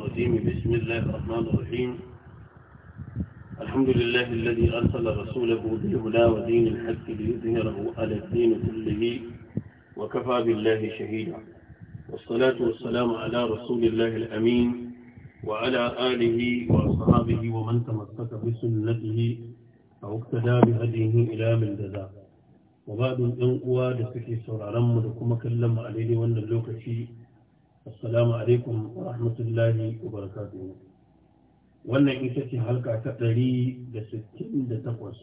الرجيم بسم الله الرحمن الرحيم الحمد لله الذي أرسل رسوله بالهدى ودين الحق ليظهره على الدين كله وكفى بالله شهيدا والصلاة والسلام على رسول الله الأمين وعلى آله وأصحابه ومن تمسك بسنته أو اقتدى بهديه إلى من جزاء وبعد أن أواد سكي سرعا رمضكم كلم عليه وأن اللوكة assalamu alaikum wa rahmatullahi wa barakatuhu wannan ita ce halka ta ɗari da sittin da takwas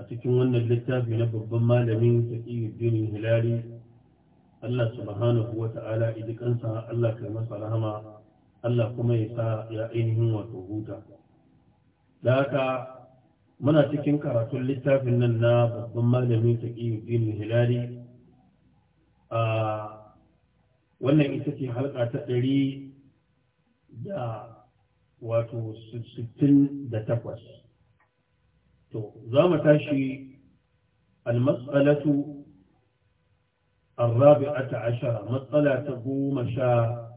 a cikin wannan littafi na babban malamin taqiyuddin hilali Allah subhanahu wa ta'ala idikansa Allah kai masa rahama Allah kuma ya sa ya ainihin wato huta da haka muna cikin karatun littafin nan na babban malamin taqiyuddin hilali a ah, wannan ita ce halka ta ɗari da wato sittin da takwas to za mu tashi almas'alatu الرابعة عشرة مسألة تقوم شاء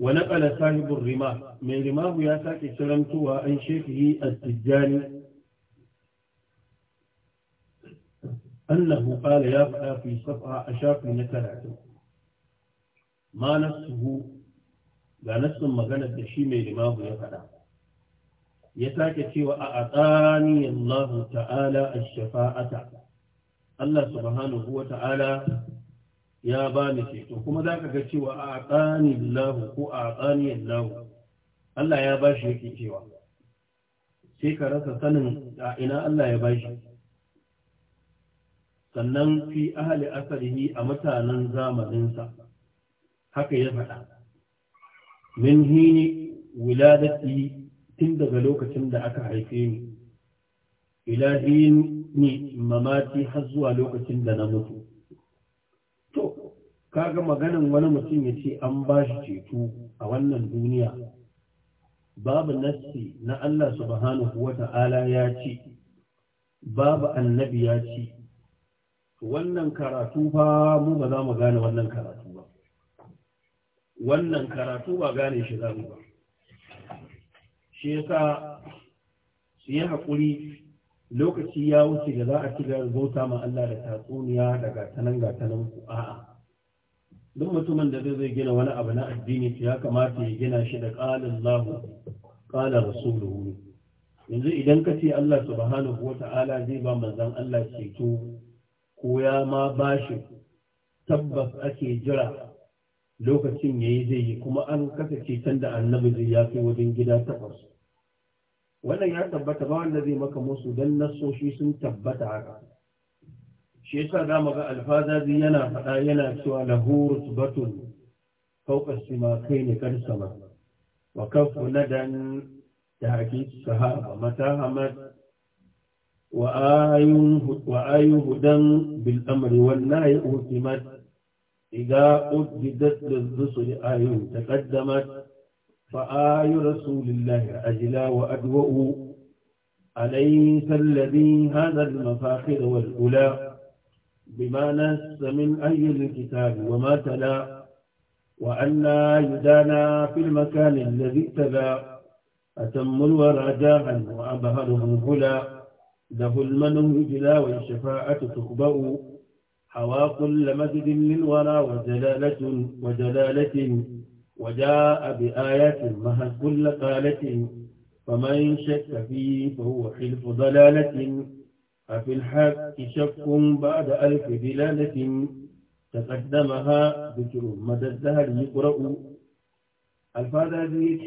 ونقل صاحب الرماه من رماه يا ساكي سلمتها عن شيخه التجاني أنه قال يا فلا في صفحة أشاف نتلعته ما نفسه لا نفس مغنى الدشيمي لماه يفعل يتاكتي وأعطاني الله تعالى الشفاعة الله سبحانه وتعالى ya ba ni ceto kuma za ka ga cewa a tsani lahu ko a tsani lahu Allah ya ba shi yake cewa sai ka rasa sanin a ina Allah ya ba shi sannan fi ahali asarihi a mutanen zamaninsa haka ya faɗa min hini wuladati tun daga lokacin da aka haife ni ila ni mamati har zuwa lokacin da na mutu to kaga maganin wani mutum ya ce an ba shi ceto a wannan duniya babu nassi na Allah subhanahu wa ta'ala ya ce babu annabi ya ce wannan karatu fa mu ba za mu gane wannan karatu ba wannan karatu ba gane shi za mu ba shi yasa su yi haƙuri lokaci ya wuce da za a ci da bauta ma Allah da tatsuniya da gatanan gatanan ku a'a duk mutumin da zai gina wani abu na addini ya kamata ya gina shi da qala Allah qala rasuluhu yanzu idan ka ce Allah subhanahu wata'ala zai ba manzon Allah ceto ko ya ma bashi tabbas ake jira lokacin ya yi zai yi kuma an kasa can da annabi zai ya fi wajen gida takwas wannan ya tabbata ba wanda zai maka musu don nasoshi sun tabbata haka shi yasa za mu ga alfazazi yana faɗa yana cewa lahu rutbatun fawqa simakaini kar sama wa kafu nadan da hakiki sahaba mata hamad وآي هدى بالأمر والنهي أهتمت إذا أجدت للرسل آي تقدمت فآي رسول الله أجلى وأدوأ أليس الذي هذا المفاخر والأولى بما نس من أي الكتاب وما تلا وأن يدانا في المكان الذي تلا أتم الورى جاها وأبهرهم هلا له المنع إجلا والشفاعة تخبأ حوا كل مجد للورى وجلالة وجلالة وجاء بآيات مهد كل قالة فمن شك فيه فهو حلف ضلالة أفي الحق شك بعد ألف دلالة تقدمها ذكر مدى الدهر يقرأ الفاظ هذه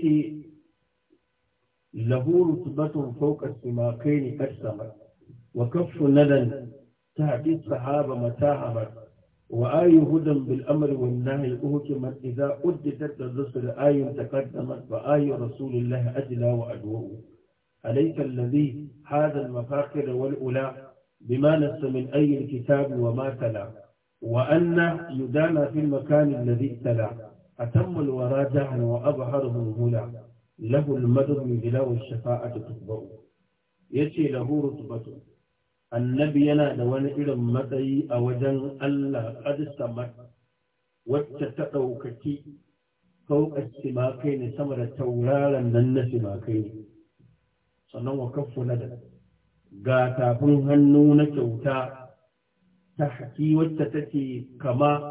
له رتبة فوق السماقين أجسمت وكف ندى تهدي الصحابة متاهمت وآي هدى بالأمر والنهي أهتمت إذا أدتت الرسل آي تقدمت وآي رسول الله أجلى وأجوء عليك الذي هذا المفاخر والأولى بما نس من أي الكتاب وما تلا وأن يدانى في المكان الذي تلا أتم الورى جهلا وأظهره هلا له المدر بلا الشفاعة تتبع يتي له رتبة النبي ينا دوان إلم متي أوجن ألا قد سمت واتتقو كتي فوق السماكين سمر تورالا نن سماكين sannan wa kafu na da ga tafin hannu na kyauta ta haƙi wacce take kama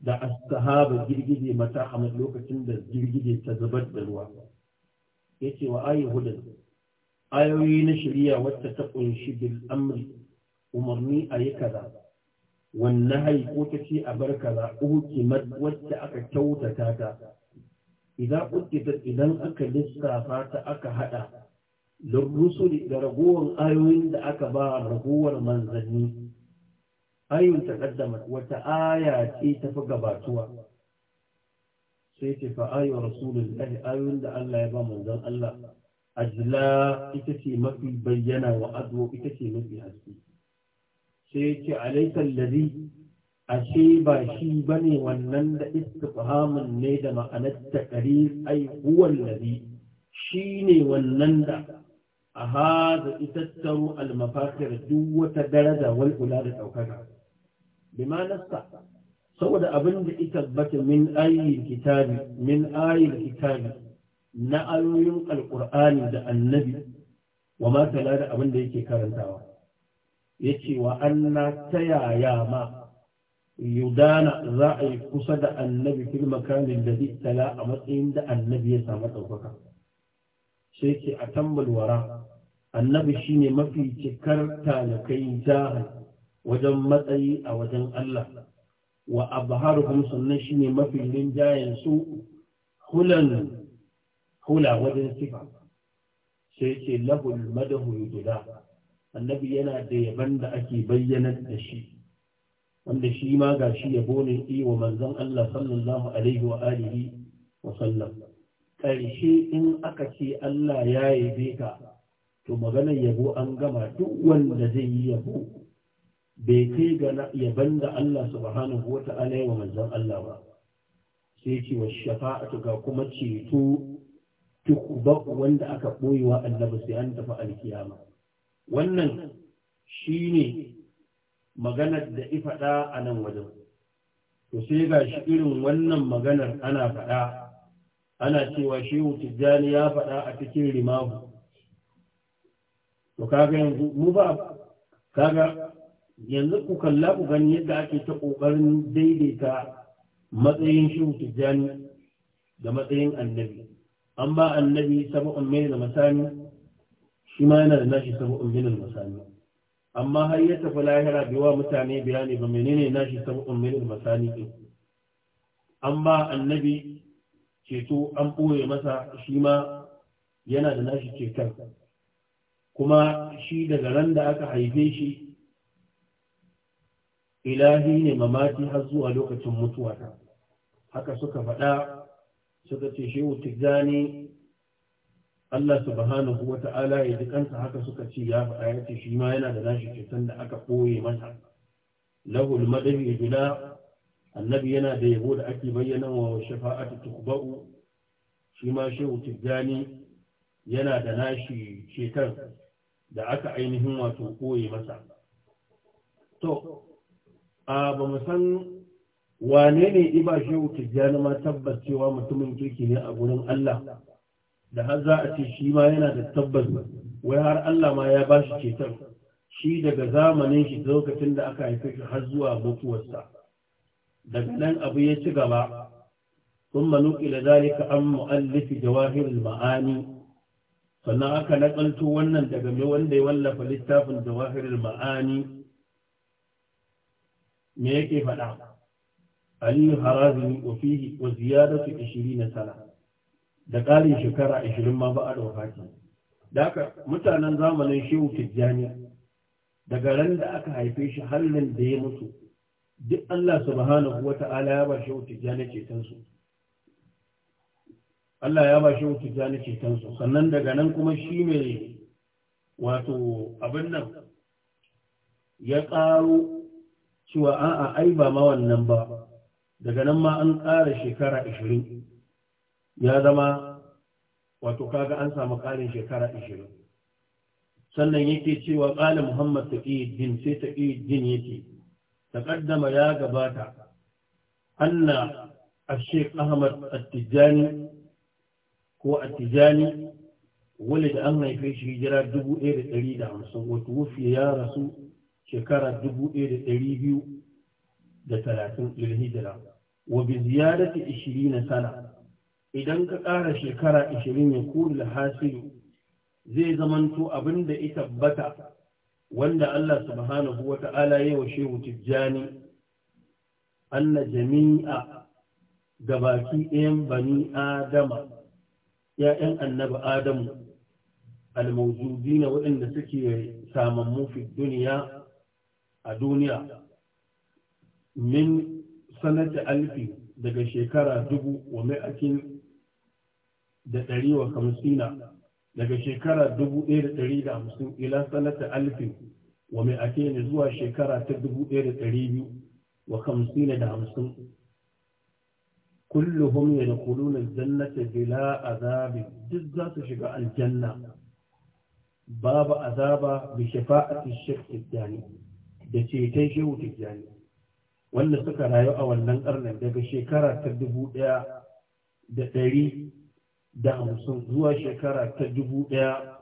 da as-sahaba girgije mata a lokacin da girgije ta zubar da ruwa yace wa ayi ayoyi na shari'a wacce ta kunshi bil amri umarni ayi kaza wannan hayi ko tace ce a bar kaza ukimat wacce aka kyautata ta idan ukitat idan aka lissafa ta aka hada lirrusuli da ragowar ayoyin da aka ba ragowar manzanni ta taqaddamat wata aya ce ta fi gabatuwa sai ce fa ayu rasulullahi ayun da Allah ya ba manzon Allah Ajila ita ce mafi bayyana wa adwa ita ce mafi haske sai ce alaikal ashe ba shi ne wannan da istifhamun ne da ma'anar taqrir ay huwa shine wannan da a hada itattaru al duk wata daraja wal kula da ɗaukaka. bima saboda abin da ita bata min ayin kitabi min ayin kitabi na ayoyin alqur'ani da annabi wa ma tala da abin da yake karantawa yace wa anna ta yaya ma yudana za a yi kusa da annabi fil makamin da tala a matsayin da annabi ya samu ɗaukaka sai ke a tambal wara annabi shine mafi cikar talakai jahar wajen matsayi a wajen Allah wa abharuhum sannan shine mafi rinjayen su hulan hula wajen sifa sai ce lahul madahu yudda annabi yana da yaban da ake bayyanar da shi wanda shi ma ga shi yabo ne yi wa manzon Allah sallallahu alaihi wa alihi wa sallam karshe in aka ce Allah ya yabe ka to maganar yabo an gama duk wanda zai yi yabo bai kai ga yaban da Allah subhanahu ta'ala ya wa manzon Allah ba sai ce wa shafa'atu ga kuma ceto ba wanda aka boyewa annabi sai an tafi alkiyama wannan shine maganar da ifada a nan wajen to sai ga shi irin wannan maganar ana faɗa ana cewa shehu tijjani ya faɗa a cikin rimahu to kaga yanzu mu ba kaga yanzu ku kalla ku gani yadda ake ta ƙoƙarin daidaita matsayin shehu tijjani da matsayin annabi an ba annabi sabu'un mai da masani shi ma yana da nashi saba'un min masani amma har ya tafi lahira biwa wa mutane bayani ba menene nashi saba'un min masani ɗin an ba annabi ceto an ɓoye masa shi ma yana da nashi cetar kuma shi daga ran da aka haife shi ilahi ne mamati har zuwa lokacin mutuwata haka suka faɗa suka ce shehu tijjani Allah subhanahu wa ta'ala ya ji kansa haka suka ce ya faɗa ya ce shi ma yana da nashi cutan da aka koye masa lahul madahi bila annabi yana da yabo da ake bayyana wa shafa'atu tukba'u shi ma shehu tijjani yana da nashi cetar da aka ainihin wato koye masa to a ba san wane ne iba shehu tijjani ma tabbas cewa mutumin kirki ne a gurin Allah da har za a ce shi ma yana da tabbas wai har Allah ma ya ba shi ceton shi daga zamanin shi lokacin da aka haife shi har zuwa mutuwarsa daga nan abu ya ci gaba ثم نقل ذلك an mu'allifi جواهر ma'ani. sannan aka nakalto wannan daga mai wanda ya wallafa littafin jawahirul ma'ani me yake faɗa aliyu Harazi wa fihi wa ziyadatu na sana da ƙarin shekara ishirin ma ba a ɗauka ce da mutanen zamanin shehu tijjani daga ran da aka haife shi hallin da ya mutu duk Allah subhanahu wa ta'ala ya ba shehu tijjani ceton su Allah ya ba shehu tijjani ceton su sannan daga nan kuma shi mai wato abin nan ya ƙaro cewa a'a ai ba ma wannan ba daga nan ma an ƙara shekara ashirin ya zama wato kaga an samu ƙarin shekara ashirin sannan yake cewa ƙalin muhammad taƙiyuddin sai taƙiyuddin yake taƙaddama ya gabata anna الشيخ ahmad التجاني هو التجاني ولد أن في شجرة دبو إير تريد wato وتوفي ya rasu. shekara dubu ɗaya da biyu da talatin lilhijira wa bi ziyarati ishirina sana idan ka ƙara shekara ishirin ya kuri hasilu zai zamanto abin da ita tabbata wanda Allah subhanahu wa ta'ala ya wa shehu tijjani anna jami'a gabaki ɗayan bani adama ‘ya'yan annabi adamu al na waɗanda suke samun fi duniya a duniya min sanata alfi daga shekara dubu wa mai'akin da ɗari wa kamsina daga shekara dubu ɗaya da ɗari da hamsin ila sanata alfi wa ne zuwa shekara ta dubu ɗaya da ɗari biyu wa kamsina da hamsin kulluhum yadkhuluna kulunan jannata bila azabi duk za su shiga aljanna babu azaba bi shafa'ati shaykh al da ceton shehu tijjani wanda suka rayu a wannan karnin daga shekara ta dubu ɗaya da dari da hamsin zuwa shekara ta dubu ɗaya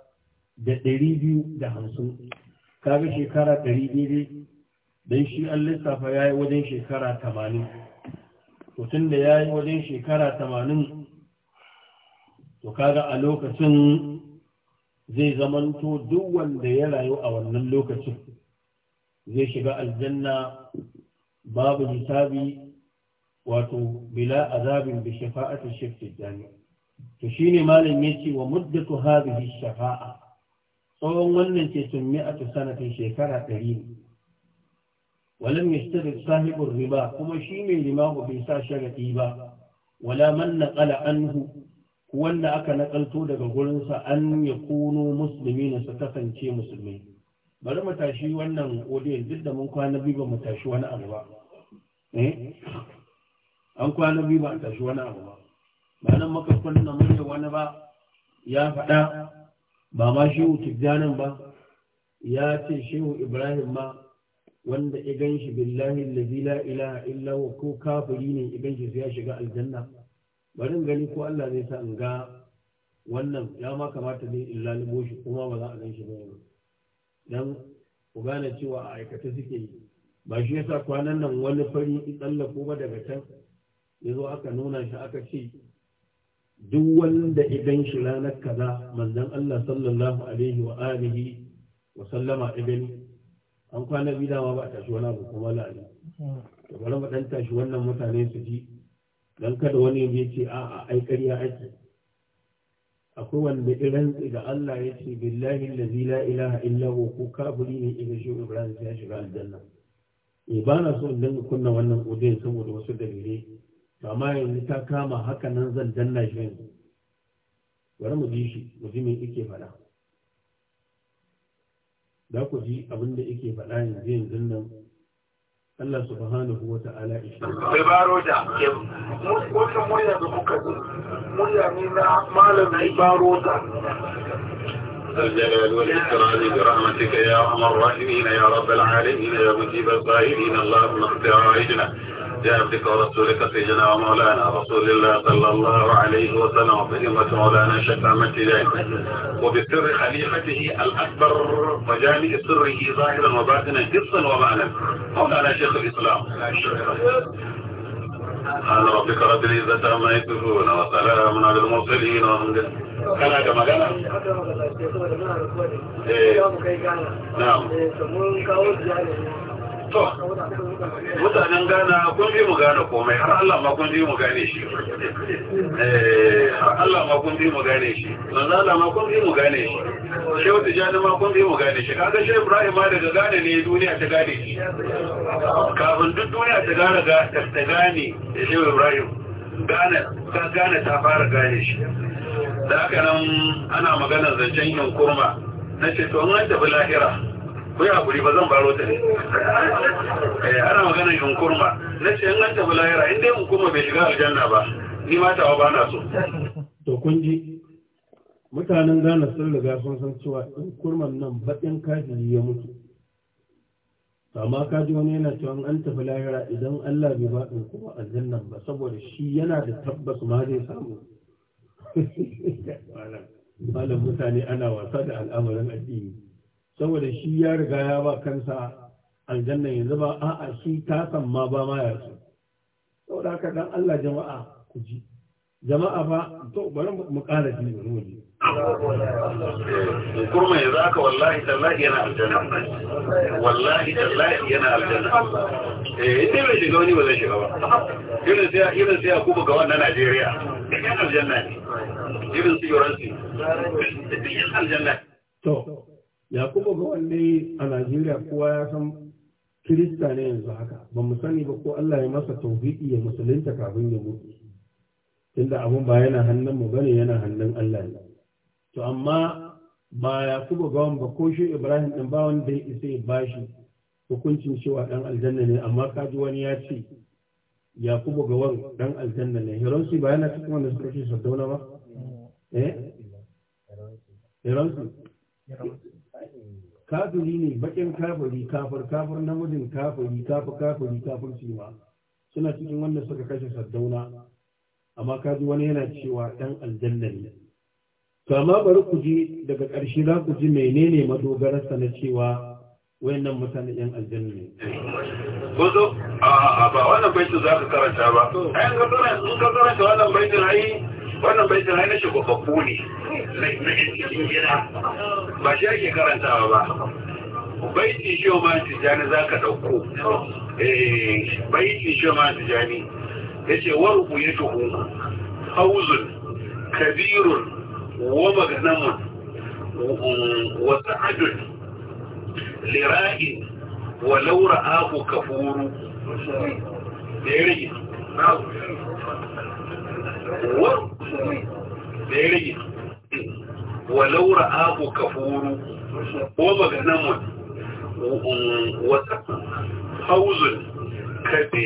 da dari biyu da hamsin kaga shekara dari daidai don shi an lissafa ya yi wajen shekara tamanin tun da ya yi wajen shekara tamanin to kaga a lokacin zai zamanto duk wanda ya rayu a wannan lokacin zai shiga aljanna babu hisabi wato bila azabin bi shafa'atin shifti jami to shine malam yace wa muddatu hadhihi shafa'a tsawon wannan ce tun mi'atu sanatin shekara ɗari 100 ولم da صاحب riba. Kuma shi mai ربا bai sa sharadi ba wala man naqala anhu wanda aka nakalto daga gurinsa an yakunu na su kasance musulmi bari mu tashi wannan odiyon duk da mun kwana biyu ba mu tashi wani abu ba eh? an kwana biyu ba a tashi wani abu ba ba nan maka kunna yi wani ba ya faɗa ba ma shehu tijjanin ba ya ce shehu ibrahim ma wanda ya gan shi billahi allazi la ilaha illa ko kafiri ne ya gan shi sai ya shiga aljanna bari in gani ko Allah zai sa in ga wannan ya ma kamata ne in lalubo shi kuma ba za a gan shi ba yanzu dan ku gane cewa a aikata suke yi ba shi yasa kwanan nan wani fari in tsallako ba daga can ya zo aka nuna shi aka ce duk wanda idan shi ranar kaza manzon Allah sallallahu alaihi wa alihi wa sallama ibn an kwana biyu dama ba a tashi wani abu kuma ali to bari mu dan tashi wannan mutane su ji dan kada wani ya ce a ai ƙarya ake akwai wanda iran ga Allah ya ce billahi lazi la ilaha illa wa ko kafiri ne in shi ibrahim ya shiga aljanna eh ba na so in dinga kunna wannan udayin saboda wasu dalilai ba yanzu ta kama haka nan zan danna shi yanzu bari mu ji shi mu ji me yake faɗa za ku ji abin da yake faɗa yanzu yanzu nan الله سبحانه وتعالى إشهد الجلال والإكرام برحمتك يا أمر الرحمين يا رب العالمين يا مجيب الزائرين اللهم اختار عجلنا جابك ورسولك سيدنا ومولانا رسول الله صلى الله عليه وسلم وبهمة مولانا شفامة ذلك وبسر خليفته الأكبر وجامع سره ظاهرا وباطنا جدا ومعنى مولانا شيخ الإسلام سبحان ربك رب العزة عما يصفون وسلام على المرسلين والحمد لله كما قال مجانا؟ إيه. نعم إيه، mutanen gana kun ji mu gane komai har Allah ma kun ji mu gane shi eh, har Allah ma kun ji mu gane shi manzala ma kun ji mu gane shi shehu tijani ma kun ji mu gane shi kaga shehu ibrahim ma daga gane ne duniya ta gane shi kafin duk duniya ta gane ta gane shehu ibrahim gane ta gane ta fara gane shi da haka nan ana maganar zancen yankurma kurma na ce to an tafi lahira Kuya hakuri ba zan baro ta ne eh, ana magana yin kurma na ce an tafi lahira in dai hukuma bai shiga aljanna ba ni ma tawa ba na so to kun ji mutanen gana sun riga sun san cewa in kurman nan baɗin kafiri ya mutu amma kaji wani yana cewa an tafi lahira idan Allah bai ba ɗin kuma aljannan ba saboda shi yana da tabbas ma zai samu malam mutane ana wasa da al'amarin addini saboda shi ya riga ya ba kansa aljanna yanzu ba a'a shi ta san ma ba ma ya so saboda haka dan Allah jama'a ku ji jama'a ba to bari mu kara ji bari mu ji kurma yanzu haka wallahi tallahi yana aljanna wallahi tallahi yana aljanna eh sai bai shiga wani ba zai shiga ba irin sai irin sai ku ga wannan Najeriya irin aljanna ne irin su yoransu irin aljanna to yakubu ga wanda a najeriya kowa ya san kirista ne yanzu haka ba mu sani ba ko allah ya masa tauhidi ya musulunta kafin ya mutu tunda abun ba yana hannun mu bane yana hannun allah ne to amma ba yakubu ga wanda ko shi ibrahim din ba wanda ya isa ya bashi hukuncin cewa dan aljanna ne amma kaji wani ya ce yakubu ga wani dan aljanna ne hiransu ba yana cikin wanda suka ce sardauna ba eh hiransu kafiri ne bakin kafiri kafir kafir namijin kafiri kafir kafiri kafirci ma suna cikin wanda suka kashe sardauna amma kaji wani yana cewa dan aljanna ne to amma bari ku ji daga ƙarshe za ku ji menene madogararsa na cewa wayannan mutane yan aljanna ne kuzo a ba wannan baitin za ka karanta ba ayan ka karanta wannan baitin ai wannan bai tana na shugababbu ne na cikin gida ba shi ake karantawa ba baiti shi ma tijani za ka ɗauko eh, baiti shi ma tijani ya ce wa rubuye tuhu hauzun kabirun wa maganamun wa adun lira'in wa laura aku kafuru da ya rage da ya rage abu ka furu, ko maganamun wata hauzun kabe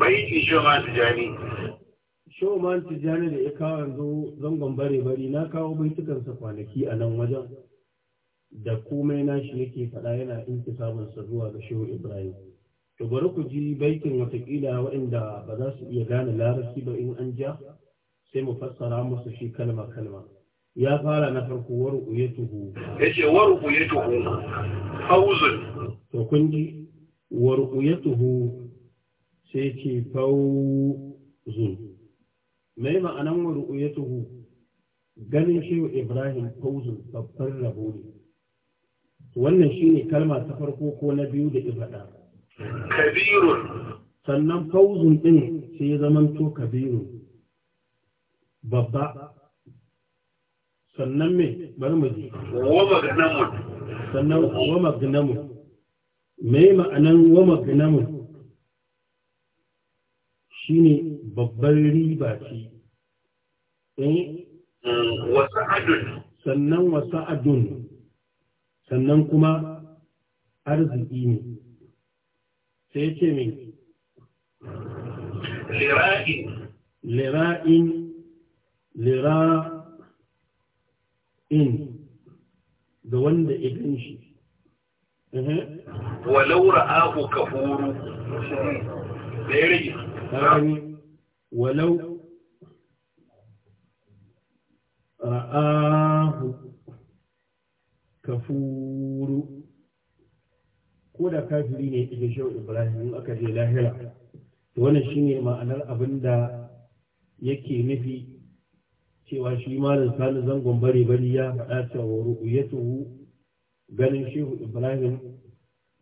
baiti shoman tijani shoman tijani da ya kawo yanzu zangon bare bari na kawo baitukansa kwanaki a nan wajen da komai nashi yake faɗa yana inki samunsa zuwa ga shehu ibrahim to bari ku ji baikin watakila waɗanda ba za su iya gane larabci ba in an ja sai mu fassara musu shi kalma kalma ya fara na farko waru uye tuhu yace uye tuhu fawzun to kun ji waru uye tuhu sai ce fawzun mai ma'anan uye tuhu ganin shi Ibrahim fawzun babbar rabo ne wannan shine kalma ta farko ko na biyu da ibada kabirun sannan fawzun din sai ya zamanto kabirun babba sannan me bari mu ji wa magnamu sannan wa magnamu me ma'anan wa magnamu shine babbar riba ce eh? mm, sannan wa sa'adun sannan kuma arziki ne sai ce me lira'in in ga wanda ya gan shi walau ra'ahu kafuru da ya rage walau ra'ahu kafuru ko da kafiri ne ita shau ibrahim in aka je lahira wannan shine ma'anar abin da yake nufi cewa shi malin sani zangon bari bari ya faɗa cewa ru'uyatuhu ganin shehu ibrahim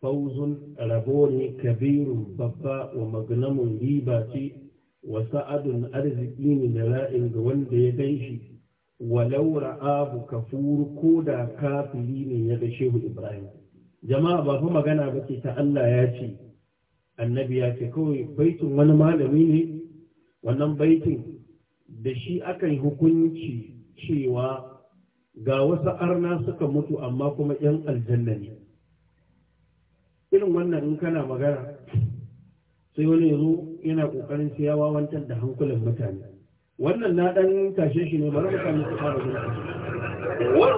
fauzun rabo ne kabiru babba wa magnamun riba ce wa sa'adun arziki ne da ra'in ga wanda ya gan shi Wa laura abu kafuru ko da kafiri ne ya ga shehu ibrahim jama'a ba fa magana ba ce ta Allah ya ce annabi ya ce kawai baitin wani malami ne wannan baitin da shi aka yi hukunci cewa ga wasu arna suka mutu amma kuma ‘yan aljanna ne irin wannan in kana magana sai wani yazo yana ƙoƙarin siyawa wancan da hankulan mutane wannan na ɗan tashe shi ne bari mutane su fara zuwa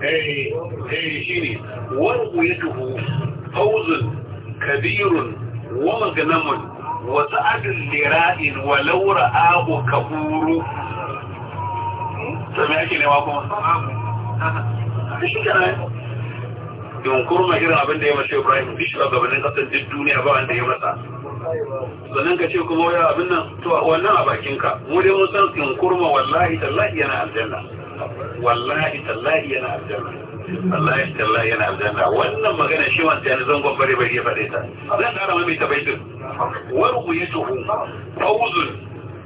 eh, eh shi ne wani yadda hauzun kabirun wa maganamun wasu adin lira'in walau ra'ahu kaburu sami ake nema kuma yunkur mai irin abin da ya mace ibrahim bishi a gabanin kasar duk duniya ba wanda ya masa sannan ka ce kuma ya abin nan to wannan a bakinka mu dai mun san yunkur ma wallahi tallahi yana aljanna wallahi tallahi yana aljanna Allah ya Allah yana aljanna wannan magana shi wanda yana zangon bare bare ya faɗe ta zan ƙara mai ta baitin wa ru'yatuhu fawzun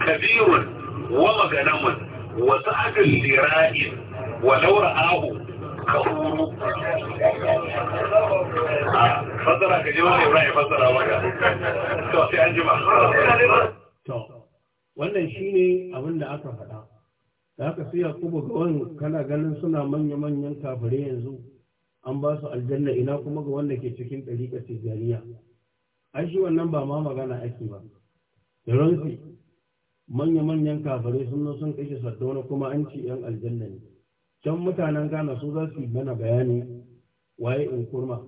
kabirun wa maganamun wa sa'adun lira'in wa law ra'ahu kahuru ah, fasara ka ji wani Ibrahim fasara maka to sai an jima to wannan shine abin da aka faɗa da haka sai yakubu ga wani kana ganin suna manya-manyan kafare yanzu an ba su aljanna ina kuma ga wanda ke cikin ɗariƙar tijjaniya ai shi wannan ba ma magana ake ba da ransu manya-manyan kafare sun zo sun kashe sardauna kuma an ci yan aljanna ne can mutanen gana su za su yi mana bayani waye in kurma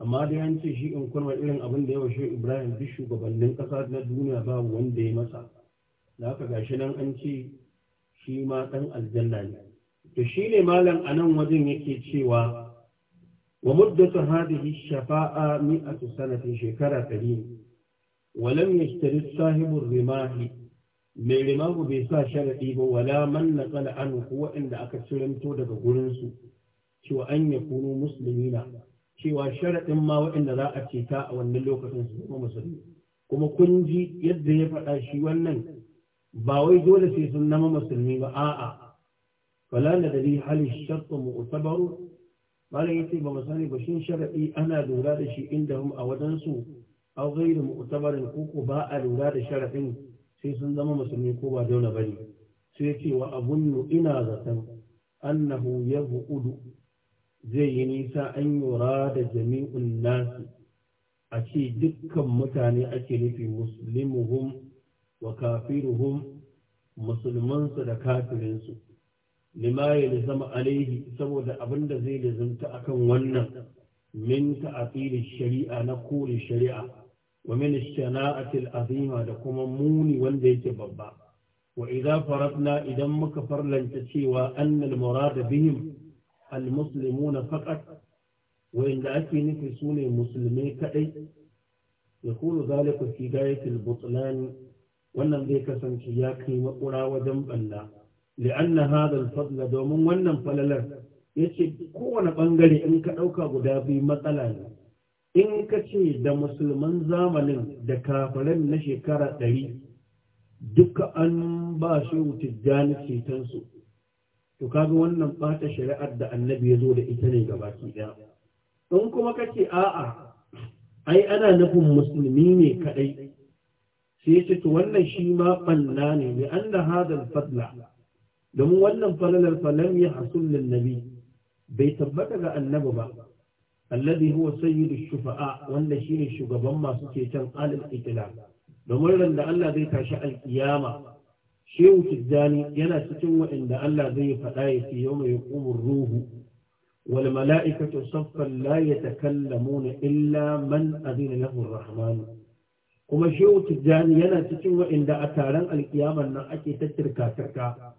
amma dai an ce shi in kurma irin abin da yawa shi ibrahim duk shugabannin kasa na duniya babu wanda ya masa da haka gashi nan an ce shi ma ɗan aljanna ne to shi ne malam a nan wajen yake cewa wa muddatu hadhihi shafa'a mi'atu sanatin shekara ɗari ولم يشترط صاحب rimahi mai rimahu bai sa sharaɗi ba wala man na tsala ko waɗanda aka ciranto daga gurinsu cewa an ya kunu musulmi na cewa sharaɗin ma waɗanda za a ceta a wannan lokacin su kuma musulmi kuma kun ji yadda ya faɗa shi wannan ba wai dole sai sun nama musulmi ba a'a wala da dari halin mu utabaru malam yace ba musani ba shin sharadi ana lura da shi inda hum a wajen su aw da mu'tabarin ko ba a lura da sharadin sai sun zama musulmi ko ba dole bane sai yace wa abunnu ina zatan annahu yabudu zai yi nisa an yura da jami'un nasi a ce dukkan mutane ake nufi muslimuhum wa kafiruhum musulmansu da kafirinsu lima ya zama alaihi saboda abin da zai a kan wannan min ta'atili shari'a na kore shari'a wa min shana'atil azima da kuma muni wanda yake babba wa idza faradna idan muka farlanta cewa annal murad bihim al muslimuna faqat wa inda ake nufi sune musulmai kadai yakunu zalika fi gayatil butlan wannan zai kasance ya kai makura wajen balla li'anna hadha al domin wannan falalar yace kowane bangare in ka dauka guda biyu matsala ne in ka ce da musulman zamanin da kafiran na shekara ɗari duka an ba shi tijjani cetonsu to kaga wannan bata shari'ar da annabi ya zo da ita ne gaba ɗaya in kuma ka ce a'a ai ana nufin musulmi ne kaɗai sai ya ce to wannan shi ma ɓanna ne bi an da hadal fadla domin wannan falalar falam ya hasul lil nabi bai tabbata ga annabi ba alladhi huwa sayyidu shufa'a wanda shine shugaban masu ceton alal itlaq domin ran da Allah zai tashi alkiyama shehu tijjani yana cikin waɗanda Allah zai faɗa ya ce yau mai hukumar ruhu wal mala'ikatu saffan la yatakallamuna illa man azina lahu rahmanu kuma shehu tijjani yana cikin wa'inda a taron alkiyamar nan ake ta kirkatarka,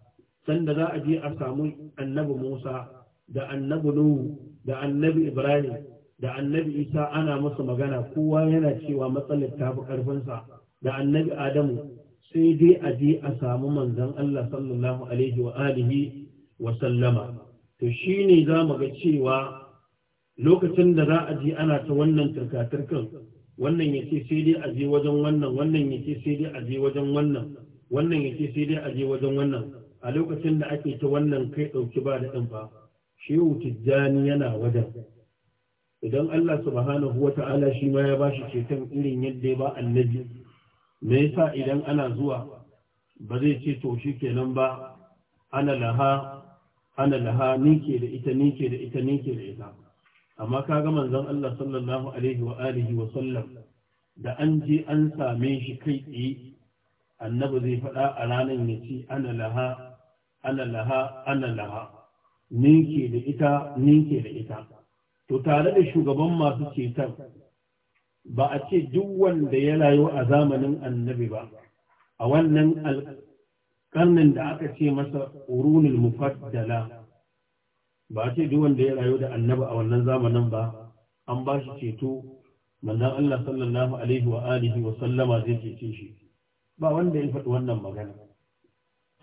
sanda za a je a samu annabi musa da annabi nuhu da annabi ibrahim da annabi isa ana masa magana kowa yana cewa matsalar ta fi ƙarfinsa, da annabi adamu sai dai a je a samu manzon allah sallallahu alaihi wa alihi wa sallama to shine za mu ga cewa lokacin da za a je ana ta wannan tirkatirkan wannan ya ce sai dai a je wajen wannan wannan ya ce sai dai a je wajen wannan wannan ya ce sai dai a je wajen wannan a lokacin da ake ta wannan kai ɗauki ba da ɗan fa shehu tijjani yana wajen idan Allah subhanahu wa ta'ala shi ma ya bashi ceton irin yadda ya ba annabi me yasa idan ana zuwa ba zai ce to shi kenan ba ana laha ana laha ni da ita ni da ita ni da ita amma kaga manzon Allah sallallahu alaihi wa alihi wa sallam da an je an same shi kai tsaye annabi zai faɗa a ranar ya ce ana laha ana laha ana laha ninke da ita ninke da ita to tare da shugaban masu cetar ba a ce duk wanda ya rayu a zamanin annabi ba a wannan alƙarnin da aka ce masa urunul mufaddala ba ce duk wanda ya rayu da annaba a wannan zamanin ba an ba shi ceto manzon Allah sallallahu alaihi wa alihi wa sallama zai cece shi ba wanda ya faɗi wannan magana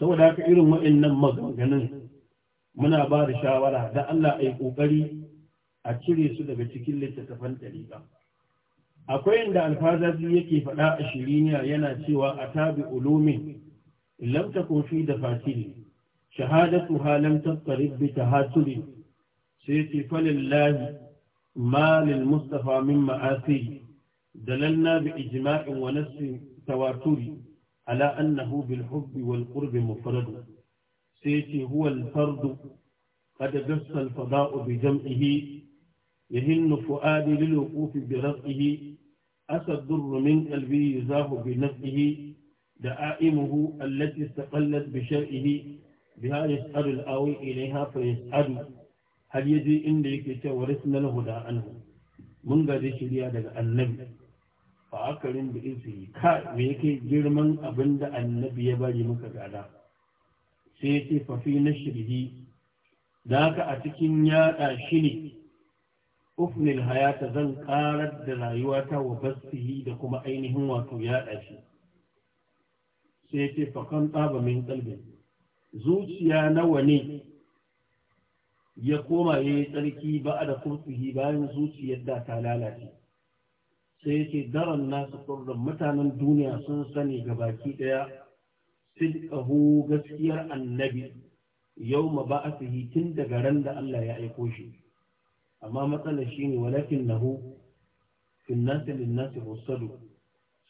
saboda haka irin wa'annan maganganun muna ba da shawara da Allah ai kokari a cire su daga cikin littattafan ɗariƙa akwai inda alfazazi yake faɗa a shiriniya yana cewa a tabi ulumin lam takun fi da fatili shahadatuha lam tattarid bi tahasuli sai ce falillahi ma mustafa min ma'asi dalalna bi ijma'in wa nassin tawaturi ala annahu bil hubbi wal qurbi mufrad sai ce huwa al fard qad gassa al bi jam'ihi يهن فؤادي للوقوف برفعه أسى الضر من قلبي يزاه بنفعه دعائمه التي استقلت بشرعه biha yas'adu al ya ilayha fa yas'adu har yaje inda yake cewa risnal huda anhu mun gaje shirya daga annabi fa akarin bi isi ka me yake girman abinda annabi ya bari muka gada sai yace fa fi nashrihi da haka a cikin yaɗa shi ne ufnil hayata zan karar da rayuwata wa basihi da kuma ainihin wato yaɗa shi sai ce fakan tsaba min kalbin zuciya nawa ne ya koma ya yi tsarki ba a da kurfihi bayan zuciyar da ta lalace sai yake daren nasu tsoron mutanen duniya sun sani ga baki ɗaya ƙahu gaskiyar annabi yau ma ba a tun daga ran da Allah ya aiko shi amma matsalar shi ne walakin nahu fin nasi lin nasi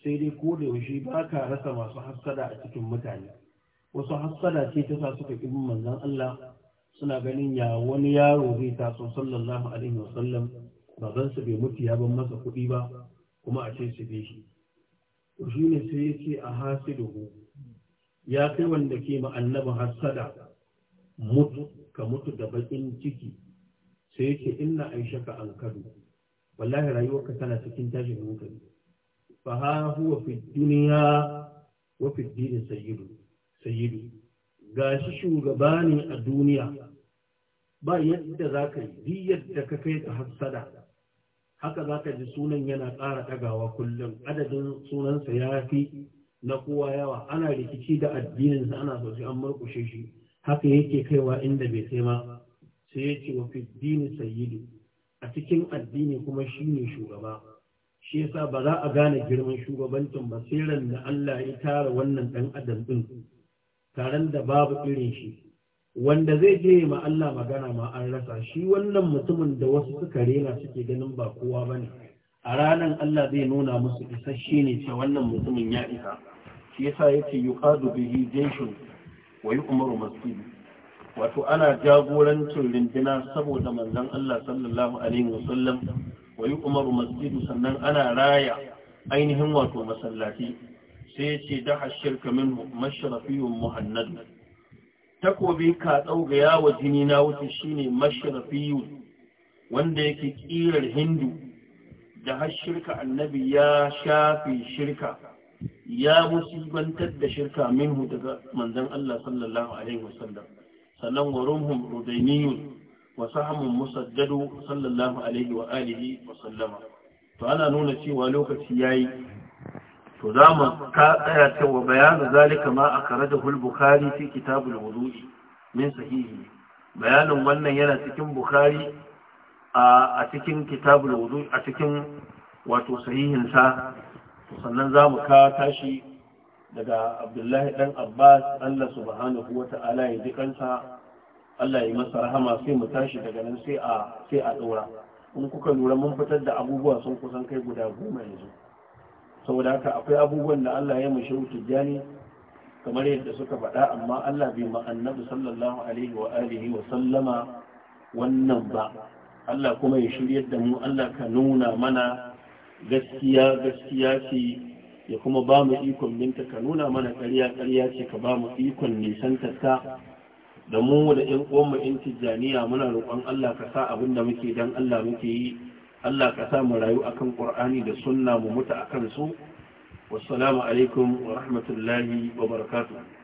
sai dai ko da yaushe ba ka rasa masu hassada a cikin mutane wasu hassada ce ta sa suka ƙi manzan Allah suna ganin ya wani yaro zai taso sallallahu alaihi wasallam baban su bai mutu ya ban masa kuɗi ba kuma a ce su bi shi to shi ne sai ya ce a hasiduhu ya kai wanda ke ma hassada mutu ka mutu da bakin ciki sai yake inna aishaka an kadu wallahi rayuwarka tana cikin tashin hankali fa ha huwa fi wa fi dini sayyidu ga gashi shugaba ne a duniya ba yadda za ka yi yadda ka kai ta hassada haka za ka ji sunan yana ƙara ɗagawa kullum adadin sunansa ya fi na kowa yawa ana rikici da addininsa ana sosai an murƙushe shi haka yake kaiwa inda bai kai ma sai ya ce wa fiddini sayidu. a cikin addini kuma shi ne shugaba shi yasa ba za a gane girman shugabancin ba sai da Allah ya tara wannan ɗan adam ɗin taron da babu irin shi wanda zai je ma Allah magana ma an rasa shi wannan mutumin da wasu suka rena suke ganin ba kowa bane a ranan Allah zai nuna musu isasshe ne ce wannan mutumin ya isa shi yasa yake yuqadu bihi jayshu wa yu'maru masjid wato ana jagorancin rindina saboda manzon Allah sallallahu alaihi wasallam wa yu'maru masjid sannan ana raya ainihin wato masallaci sai ya ce da hashirka min mashrafiyun muhannadu takobi ka tsaugaya wa jini na wuce shine mashrafiyun wanda yake kirar hindu da hashirka annabi ya shafi shirka ya musibantar da shirka minhu daga manzan Allah sallallahu alaihi wasallam sannan warumhum rudainiyun wa sahamun musaddadu sallallahu alaihi wa alihi to ana nuna cewa lokaci yayi to za mu ka tsaya cewa bayanin zalika ma a kare da hulbukari fi kitabul wudu'i min sahihi bayanin wannan yana cikin Bukhari a cikin kitabul wudu'i a cikin wato sa sannan za mu ka tashi daga abdullahi dan abbas allah subhanahu wa ta'ala ya ji kansa allah ya masa rahama sai mu tashi daga nan sai a sai a dora in kuka lura mun fitar da abubuwa sun kusan kai guda goma yanzu saboda haka akwai abubuwan da Allah ya mushe tijjani kamar yadda suka faɗa amma Allah bai ma'annabi sallallahu alaihi wa alihi wa sallama wannan ba Allah kuma ya shiryar da mu Allah ka nuna mana gaskiya gaskiya ce ya kuma ba mu ikon binta ka nuna mana ƙarya ƙarya ce ka ba mu ikon nisan ta da mu da ƴan mu ƴan tijjaniya muna roƙon Allah ka sa abin da muke dan Allah muke yi Allah ka sa mu rayu akan Qur'ani da sunna mu mutu akan su wassalamu alaikum wa rahmatullahi wa barakatuh